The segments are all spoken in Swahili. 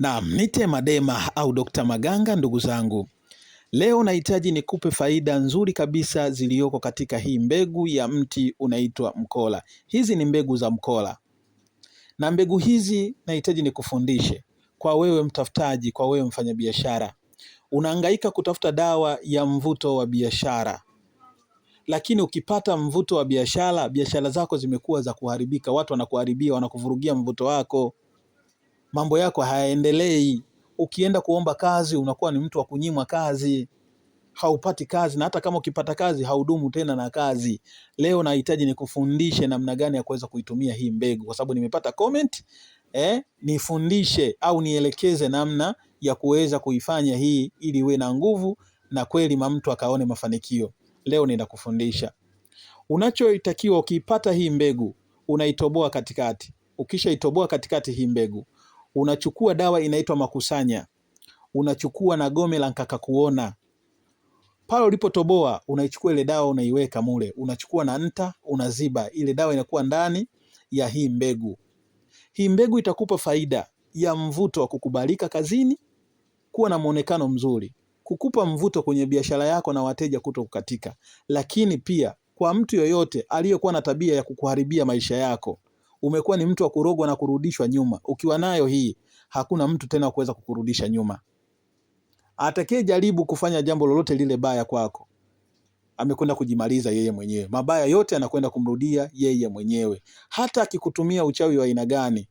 Naam, nite Madema au Dr. Maganga ndugu zangu. Leo nahitaji nikupe faida nzuri kabisa ziliyoko katika hii mbegu ya mti unaitwa mkola. Hizi ni mbegu za mkola. Na mbegu hizi nahitaji nikufundishe kwa wewe mtafutaji, kwa wewe mfanyabiashara. Unahangaika kutafuta dawa ya mvuto wa biashara. Lakini ukipata mvuto wa biashara, biashara zako zimekuwa za kuharibika. Watu wanakuharibia, wanakuvurugia mvuto wako mambo yako hayaendelei. Ukienda kuomba kazi unakuwa ni mtu wa kunyimwa kazi, haupati kazi, na hata kama ukipata kazi haudumu tena na kazi. Leo nahitaji nikufundishe namna gani ya kuweza kuitumia hii mbegu, kwa sababu nimepata comment eh, nifundishe au nielekeze namna ya kuweza kuifanya hii ili iwe na nguvu na kweli mamtu akaone mafanikio. Leo kufundisha. unachoitakiwa. Ukiipata hii mbegu, unaitoboa katikati. Ukishaitoboa katikati hii mbegu, unachukua dawa inaitwa makusanya, unachukua na gome la nkaka kuona pale ulipotoboa, unaichukua ile dawa unaiweka mule, unachukua na nta unaziba, ile dawa inakuwa ndani ya hii mbegu. Hii mbegu itakupa faida ya mvuto wa kukubalika kazini, kuwa na muonekano mzuri, kukupa mvuto kwenye biashara yako na wateja kuto kukatika, lakini pia kwa mtu yoyote aliyekuwa na tabia ya kukuharibia maisha yako umekuwa ni mtu wa kurogwa na kurudishwa nyuma. Ukiwa nayo hii, hakuna mtu tena kuweza kukurudisha nyuma. Atakaye jaribu kufanya jambo lolote lile baya kwako amekwenda kujimaliza yeye mwenyewe. Mabaya yote anakwenda kumrudia yeye mwenyewe. Hata akikutumia uchawi wa aina gani,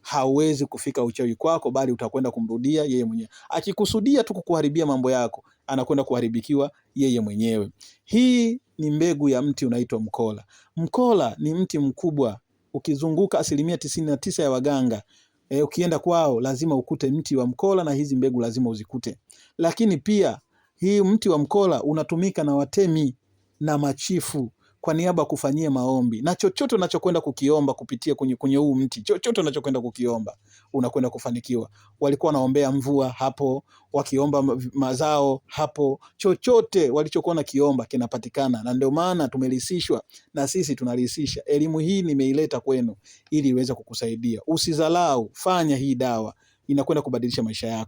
hauwezi kufika uchawi kwako, bali utakwenda kumrudia yeye mwenyewe. Akikusudia tu kukuharibia mambo yako, anakwenda kuharibikiwa yeye mwenyewe. Hii ni mbegu ya mti unaitwa mkola. Mkola ni mti mkubwa ukizunguka asilimia tisini na tisa ya waganga e, ukienda kwao lazima ukute mti wa mkola na hizi mbegu lazima uzikute. Lakini pia hii mti wa mkola unatumika na watemi na machifu kwa niaba kufanyia maombi, na chochote unachokwenda kukiomba kupitia kwenye kwenye huu mti, chochote unachokwenda kukiomba unakwenda kufanikiwa. Walikuwa wanaombea mvua hapo, wakiomba mazao hapo, chochote walichokuwa nakiomba kinapatikana, na ndio maana tumelisishwa na sisi tunalisisha. Elimu hii nimeileta kwenu ili iweze kukusaidia. Usizalau, fanya hii dawa, inakwenda kubadilisha maisha yako.